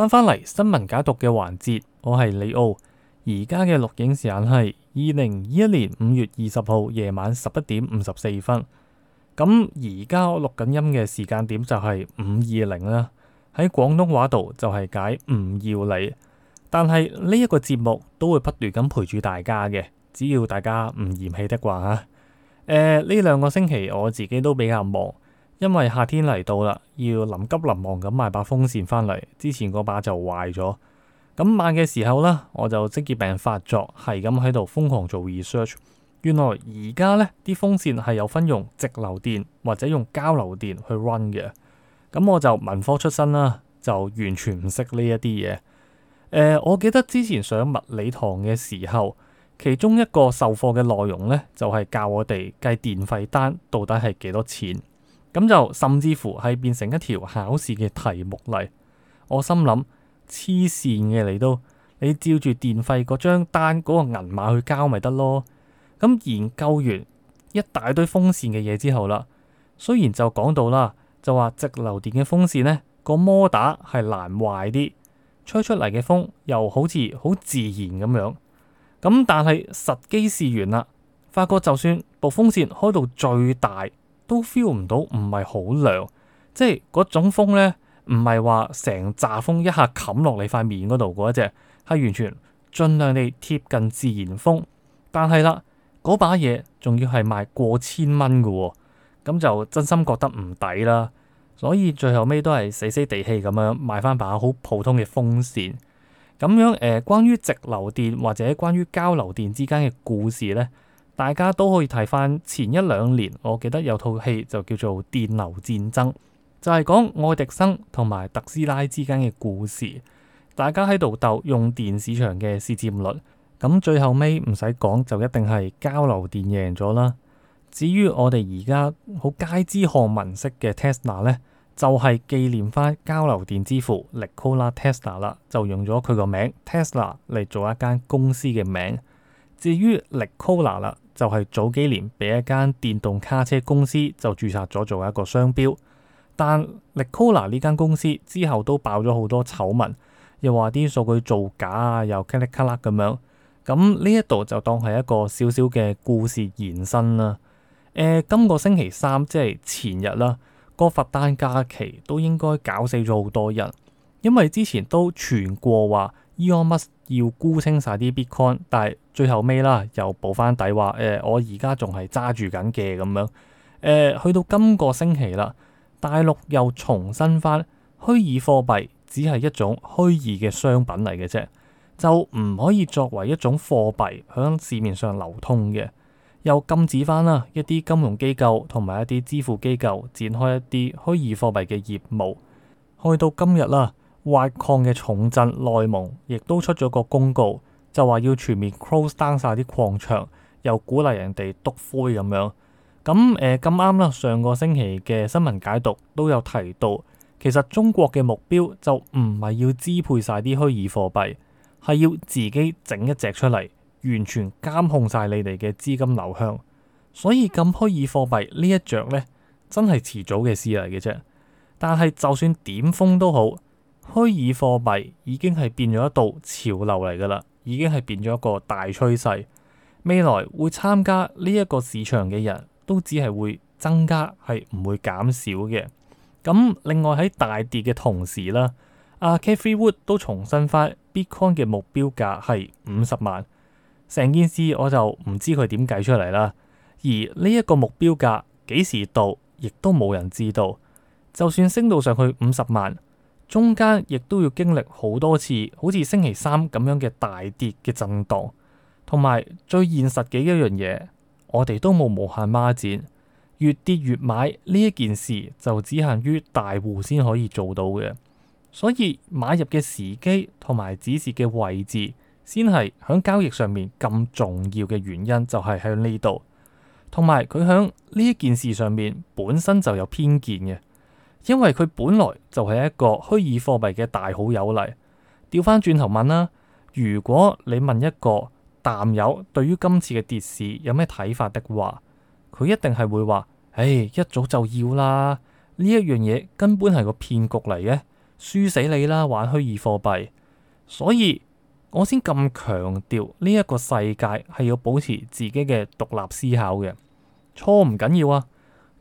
翻翻嚟，新聞解讀嘅環節，我係李奧。而家嘅錄影時間係二零二一年五月二十號夜晚十一點五十四分。咁而家我錄緊音嘅時間點就係五二零啦，喺廣東話度就係解唔要你。但係呢一個節目都會不斷咁陪住大家嘅，只要大家唔嫌棄的啩吓。誒、呃，呢兩個星期我自己都比較忙。因為夏天嚟到啦，要臨急臨忙咁買把風扇翻嚟。之前嗰把就壞咗，咁晚嘅時候呢，我就職業病發作，係咁喺度瘋狂做 research。原來而家呢啲風扇係有分用直流電或者用交流電去 run 嘅。咁我就文科出身啦，就完全唔識呢一啲嘢。誒、呃，我記得之前上物理堂嘅時候，其中一個授課嘅內容呢，就係、是、教我哋計電費單到底係幾多錢。咁就甚至乎係變成一條考試嘅題目嚟，我心諗黐線嘅嚟都，你照住電費嗰張單嗰個銀碼去交咪得咯。咁研究完一大堆風扇嘅嘢之後啦，雖然就講到啦，就話直流電嘅風扇呢個摩打係難壞啲，吹出嚟嘅風又好似好自然咁樣。咁但係實機試完啦，發覺就算部風扇開到最大，都 feel 唔到唔係好涼，即係嗰種風咧，唔係話成紮風一下冚落你塊面嗰度嗰一隻，係完全盡量地貼近自然風。但係啦，嗰把嘢仲要係賣過千蚊嘅喎，咁就真心覺得唔抵啦。所以最後尾都係死死地氣咁樣買翻把好普通嘅風扇。咁樣誒、呃，關於直流電或者關於交流電之間嘅故事呢。大家都可以睇翻前一兩年，我記得有套戲就叫做《電流戰爭》，就係、是、講愛迪生同埋特斯拉之間嘅故事。大家喺度鬥用電市場嘅市佔率，咁最後尾唔使講就一定係交流電贏咗啦。至於我哋而家好街知巷聞式嘅 Tesla 呢，就係、是、紀念翻交流電之父 Nikola Tesla 啦，就用咗佢個名 Tesla 嚟做一間公司嘅名。至於 Nikola 啦。就係早幾年俾一間電動卡車公司就註冊咗做一個商標，但 Nikola 呢間公司之後都爆咗好多醜聞，又話啲數據造假啊，又咔力咔力咁樣。咁呢一度就當係一個小小嘅故事延伸啦。今、呃今個星期三即係前日啦，個佛誕假期都應該搞死咗好多人，因為之前都傳過話。e 要沽清晒啲 Bitcoin，但係最後尾啦，又補翻底話誒、呃，我而家仲係揸住緊嘅咁樣誒。去到今個星期啦，大陸又重申翻虛擬貨幣只係一種虛擬嘅商品嚟嘅啫，就唔可以作為一種貨幣響市面上流通嘅，又禁止翻啦一啲金融機構同埋一啲支付機構展開一啲虛擬貨幣嘅業務。去到今日啦。挖礦嘅重鎮內蒙亦都出咗個公告，就話要全面 close down 晒啲礦場，又鼓勵人哋篤灰咁樣。咁誒咁啱啦，上個星期嘅新聞解讀都有提到，其實中國嘅目標就唔係要支配晒啲虛擬貨幣，係要自己整一隻出嚟，完全監控晒你哋嘅資金流向。所以咁虛擬貨幣呢一着呢，真係遲早嘅事嚟嘅啫。但係就算點封都好。虛擬貨幣已經係變咗一道潮流嚟噶啦，已經係變咗一個大趨勢。未來會參加呢一個市場嘅人都只係會增加，係唔會減少嘅。咁另外喺大跌嘅同時啦，阿 Cathy Wood 都重申返 Bitcoin 嘅目標價係五十萬。成件事我就唔知佢點計出嚟啦。而呢一個目標價幾時到，亦都冇人知道。就算升到上去五十萬。中間亦都要經歷好多次，好似星期三咁樣嘅大跌嘅震盪，同埋最現實嘅一樣嘢，我哋都冇無限孖展，越跌越買呢一件事就只限於大戶先可以做到嘅，所以買入嘅時機同埋指示嘅位置，先係喺交易上面咁重要嘅原因，就係喺呢度，同埋佢喺呢一件事上面本身就有偏見嘅。因為佢本來就係一個虛擬貨幣嘅大好友嚟，調翻轉頭問啦。如果你問一個淡友對於今次嘅跌市有咩睇法的話，佢一定係會話，唉，哎，一早就要啦，呢一樣嘢根本係個騙局嚟嘅，輸死你啦！玩虛擬貨幣。所以我先咁強調呢一個世界係要保持自己嘅獨立思考嘅，錯唔緊要啊，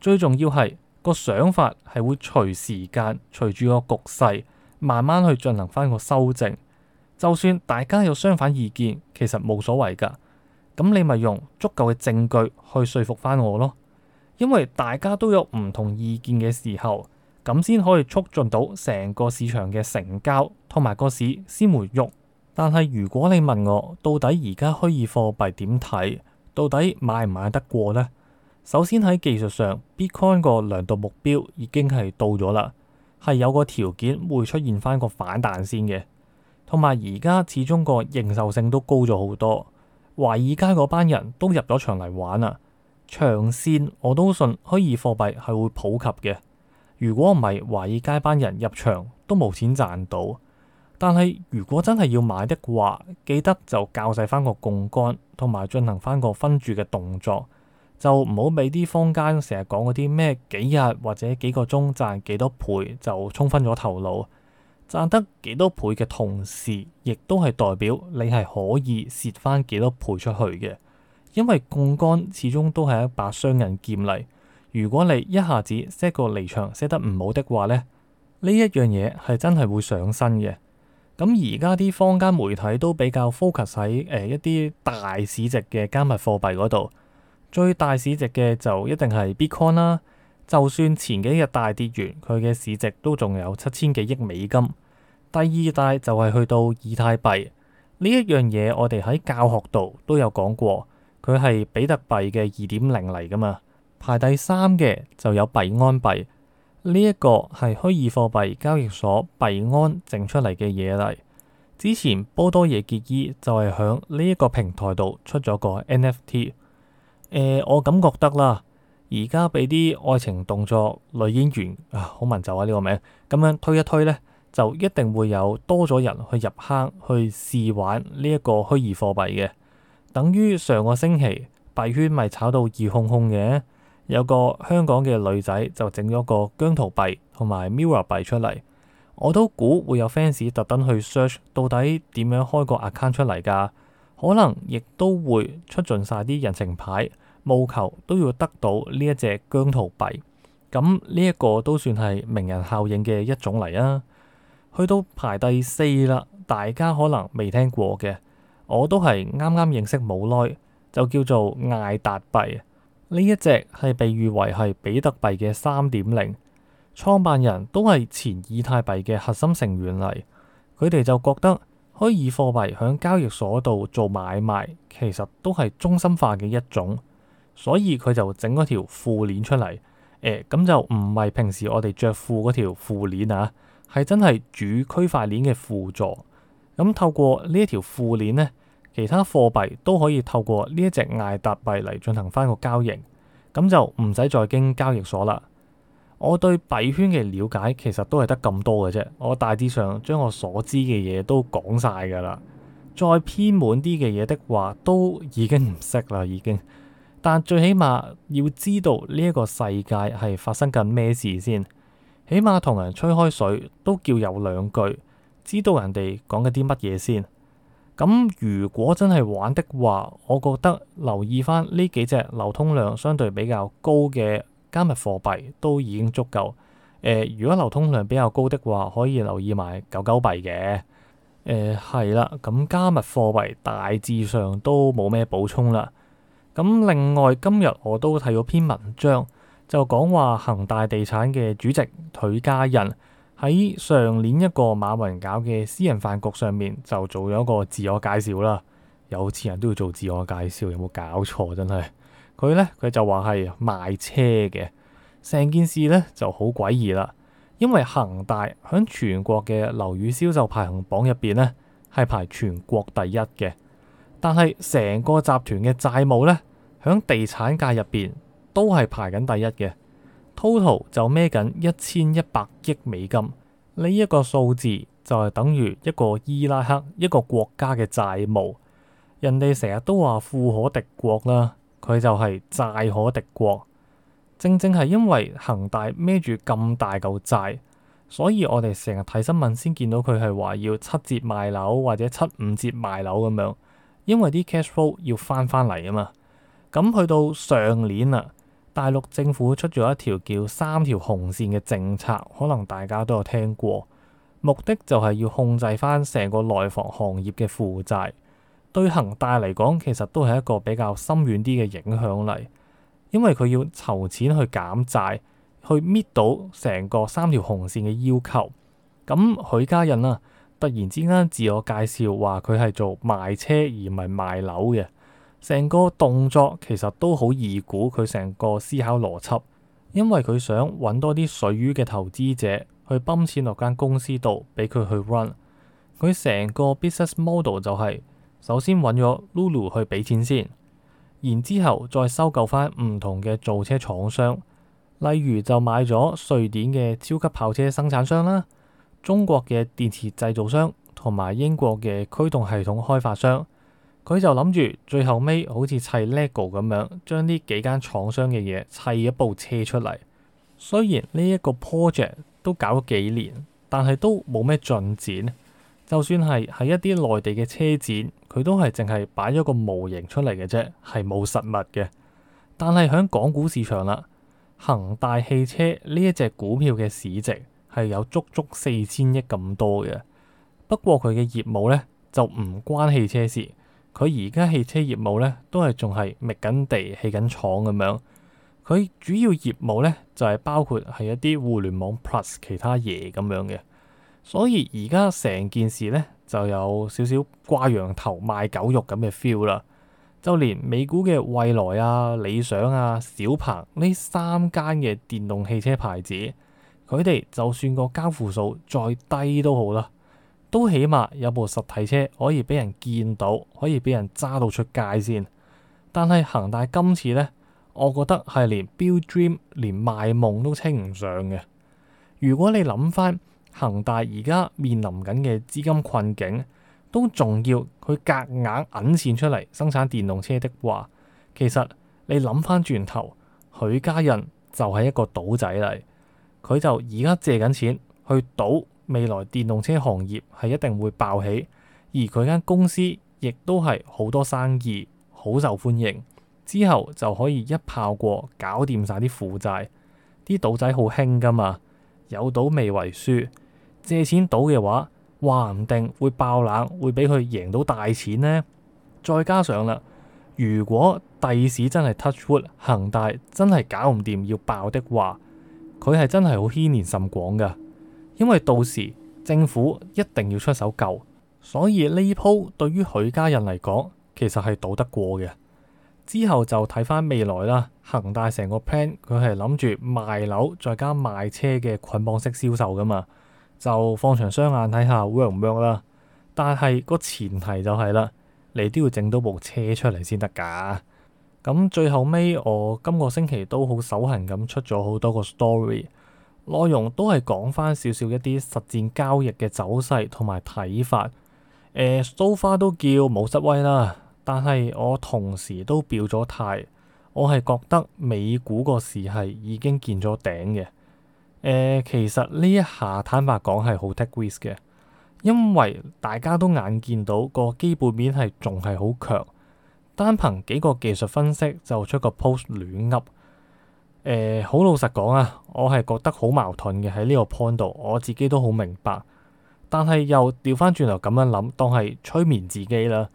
最重要係。個想法係會隨時間、隨住個局勢慢慢去進行翻個修正。就算大家有相反意見，其實冇所謂噶。咁你咪用足夠嘅證據去說服翻我咯。因為大家都有唔同意見嘅時候，咁先可以促進到成個市場嘅成交同埋個市先會喐。但係如果你問我到底而家虛擬貨幣點睇，到底買唔買得過呢？首先喺技術上，Bitcoin 個量度目標已經係到咗啦，係有個條件會出現翻個反彈先嘅。同埋而家始終個認受性都高咗好多，華爾街嗰班人都入咗場嚟玩啦。長線我都信虛擬貨幣係會普及嘅。如果唔係，華爾街班人入場都冇錢賺到。但係如果真係要買的話，記得就較細翻個槓杆，同埋進行翻個分注嘅動作。就唔好俾啲坊間成日講嗰啲咩幾日或者幾個鐘賺幾多倍，就衝昏咗頭腦。賺得幾多倍嘅同時，亦都係代表你係可以蝕翻幾多倍出去嘅。因為槓桿始終都係一把雙刃劍嚟。如果你一下子 set 個離場 set 得唔好的話咧，呢一樣嘢係真係會上身嘅。咁而家啲坊間媒體都比較 focus 喺誒一啲大市值嘅加密貨幣嗰度。最大市值嘅就一定係 Bitcoin 啦。就算前幾日大跌完，佢嘅市值都仲有七千幾億美金。第二大就係去到以太幣呢一樣嘢，我哋喺教學度都有講過，佢係比特幣嘅二點零嚟噶嘛。排第三嘅就有幣安幣呢一個係虛擬貨幣交易所幣安整出嚟嘅嘢嚟。之前波多野結衣就係響呢一個平台度出咗個 NFT。誒、呃，我感覺得啦，而家俾啲愛情動作女演員，這個、啊，好文就啊呢個名，咁樣推一推呢，就一定會有多咗人去入坑去試玩呢一個虛擬貨幣嘅。等於上個星期幣圈咪炒到熱烘烘嘅，有個香港嘅女仔就整咗個姜濤幣同埋 Mirror 幣出嚟，我都估會有 fans 特登去 search 到底點樣開個 account 出嚟㗎。可能亦都會出盡晒啲人情牌，務求都要得到呢一隻疆圖幣。咁呢一個都算係名人效應嘅一種嚟啊。去到排第四啦，大家可能未聽過嘅，我都係啱啱認識冇耐，就叫做艾達幣。呢一隻係被譽為係比特幣嘅三點零，創辦人都係前以太幣嘅核心成員嚟，佢哋就覺得虛擬貨幣喺交易所度做買賣，其實都係中心化嘅一種，所以佢就整咗條副鏈出嚟。誒、呃、咁就唔係平時我哋着褲嗰條副鏈啊，係真係主區塊鏈嘅輔助。咁透過條鏈呢一條副鏈咧，其他貨幣都可以透過呢一隻艾達幣嚟進行返個交易，咁就唔使再經交易所啦。我對幣圈嘅了解其實都係得咁多嘅啫，我大致上將我所知嘅嘢都講晒噶啦，再偏滿啲嘅嘢的話，都已經唔識啦，已經。但最起碼要知道呢個世界係發生緊咩事先，起碼同人吹開水都叫有兩句，知道人哋講緊啲乜嘢先。咁如果真係玩的話，我覺得留意返呢幾隻流通量相對比較高嘅加密貨幣都已經足夠，誒、呃，如果流通量比較高的話，可以留意埋狗狗幣嘅，誒、呃，係啦，咁加密貨幣大致上都冇咩補充啦。咁另外今日我都睇咗篇文章，就講話恒大地產嘅主席許家印喺上年一個馬雲搞嘅私人飯局上面就做咗一個自我介紹啦。有錢人都要做自我介紹，有冇搞錯真係？佢咧佢就話係賣車嘅成件事咧就好詭異啦，因為恒大喺全國嘅樓宇銷售排行榜入邊咧係排全國第一嘅，但係成個集團嘅債務咧喺地產界入邊都係排緊第一嘅，total 就孭緊一千一百億美金，呢一個數字就係等於一個伊拉克一個國家嘅債務。人哋成日都話富可敵國啦。佢就係債可敵國，正正係因為恒大孭住咁大嚿債，所以我哋成日睇新聞先見到佢係話要七折賣樓或者七五折賣樓咁樣，因為啲 cash flow 要翻翻嚟啊嘛。咁去到上年啦，大陸政府出咗一條叫三條紅線嘅政策，可能大家都有聽過，目的就係要控制翻成個內房行業嘅負債。對恒大嚟講，其實都係一個比較深遠啲嘅影響嚟，因為佢要籌錢去減債，去搣到成個三條紅線嘅要求。咁、嗯、許家印啊，突然之間自我介紹話佢係做賣車而唔係賣樓嘅，成個動作其實都好易估佢成個思考邏輯，因為佢想揾多啲水魚嘅投資者去泵錢落間公司度，俾佢去 run 佢成個 business model 就係、是。首先揾咗 Lulu 去俾錢先，然之後再收購翻唔同嘅造車廠商，例如就買咗瑞典嘅超級跑車生產商啦，中國嘅電池製造商同埋英國嘅驅動系統開發商。佢就諗住最後尾好似砌 Lego 咁樣，將呢幾間廠商嘅嘢砌一部車出嚟。雖然呢一個 project 都搞咗幾年，但係都冇咩進展。就算係喺一啲內地嘅車展，佢都係淨係擺咗個模型出嚟嘅啫，係冇實物嘅。但係喺港股市場啦，恒大汽車呢一隻股票嘅市值係有足足四千億咁多嘅。不過佢嘅業務咧就唔關汽車事，佢而家汽車業務咧都係仲係搣緊地、起緊廠咁樣。佢主要業務咧就係、是、包括係一啲互聯網 plus 其他嘢咁樣嘅。所以而家成件事咧，就有少少掛羊頭賣狗肉咁嘅 feel 啦，就連美股嘅蔚來啊、理想啊、小鵬呢三間嘅電動汽車牌子，佢哋就算個交付數再低都好啦，都起碼有部實體車可以俾人見到，可以俾人揸到出街先。但係恒大今次呢，我覺得係連 Build Dream，連賣夢都稱唔上嘅。如果你諗翻，.恒大而家面臨緊嘅資金困境，都仲要佢夾硬，硬銀錢出嚟生產電動車的話，其實你諗返轉頭，許家印就係一個賭仔嚟，佢就而家借緊錢去賭，去賭未來電動車行業係一定會爆起，而佢間公司亦都係好多生意好受歡迎，之後就可以一炮過搞掂晒啲負債，啲賭仔好興㗎嘛，有賭未為輸。借錢賭嘅話，話唔定會爆冷，會俾佢贏到大錢呢。再加上啦，如果第時真係 touch wood，恒大真係搞唔掂要爆的話，佢係真係好牽連甚廣嘅。因為到時政府一定要出手救，所以呢鋪對於許家印嚟講，其實係賭得過嘅。之後就睇翻未來啦。恒大成個 plan，佢係諗住賣樓再加賣車嘅捆綁式銷售噶嘛。就放長雙眼睇下 work 唔 work 啦，但係個前提就係、是、啦，你都要整到部車出嚟先得㗎。咁最後尾我今個星期都好手痕咁出咗好多個 story，內容都係講翻少少一啲實戰交易嘅走勢同埋睇法。誒 so far 都叫冇失威啦，但係我同時都表咗態，我係覺得美股個市係已經見咗頂嘅。誒、呃，其實呢一下坦白講係好 take risk 嘅，因為大家都眼見到個基本面係仲係好強，單憑幾個技術分析就出個 post 亂噏。誒、呃，好老實講啊，我係覺得好矛盾嘅喺呢個 point 度，我自己都好明白，但係又調翻轉頭咁樣諗，當係催眠自己啦。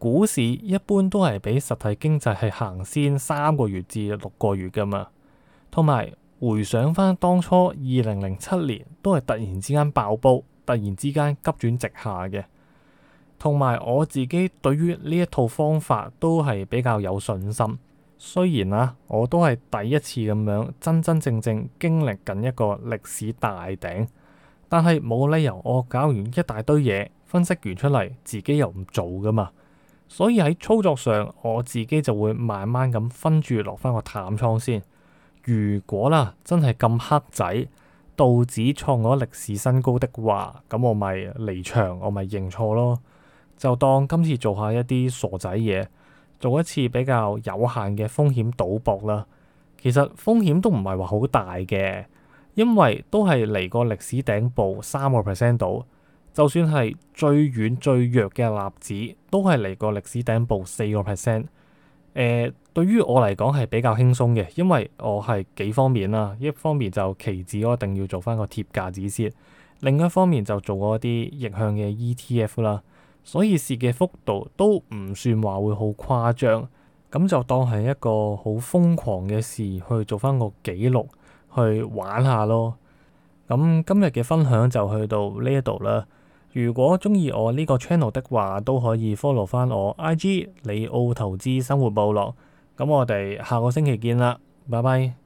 股市一般都係比實體經濟係行先三個月至六個月噶嘛，同埋。回想翻當初，二零零七年都係突然之間爆煲，突然之間急轉直下嘅。同埋我自己對於呢一套方法都係比較有信心。雖然啊，我都係第一次咁樣真真正正經歷緊一個歷史大頂，但係冇理由我搞完一大堆嘢，分析完出嚟，自己又唔做㗎嘛。所以喺操作上，我自己就會慢慢咁分住落翻個淡倉先。如果啦，真係咁黑仔，道指創咗歷史新高的話，咁我咪離場，我咪認錯咯。就當今次做下一啲傻仔嘢，做一次比較有限嘅風險賭博啦。其實風險都唔係話好大嘅，因為都係嚟過歷史頂部三個 percent 度，就算係最遠最弱嘅納指，都係嚟過歷史頂部四個 percent。誒、呃。對於我嚟講係比較輕鬆嘅，因為我係幾方面啦，一方面就期指我一定要做翻個貼架子先，另一方面就做嗰啲逆向嘅 ETF 啦，所以蝕嘅幅度都唔算話會好誇張，咁就當係一個好瘋狂嘅事去做翻個紀錄去玩下咯。咁今日嘅分享就去到呢一度啦。如果中意我呢個 channel 的話，都可以 follow 翻我 IG 李奧投資生活部落。咁我哋下個星期見啦，拜拜。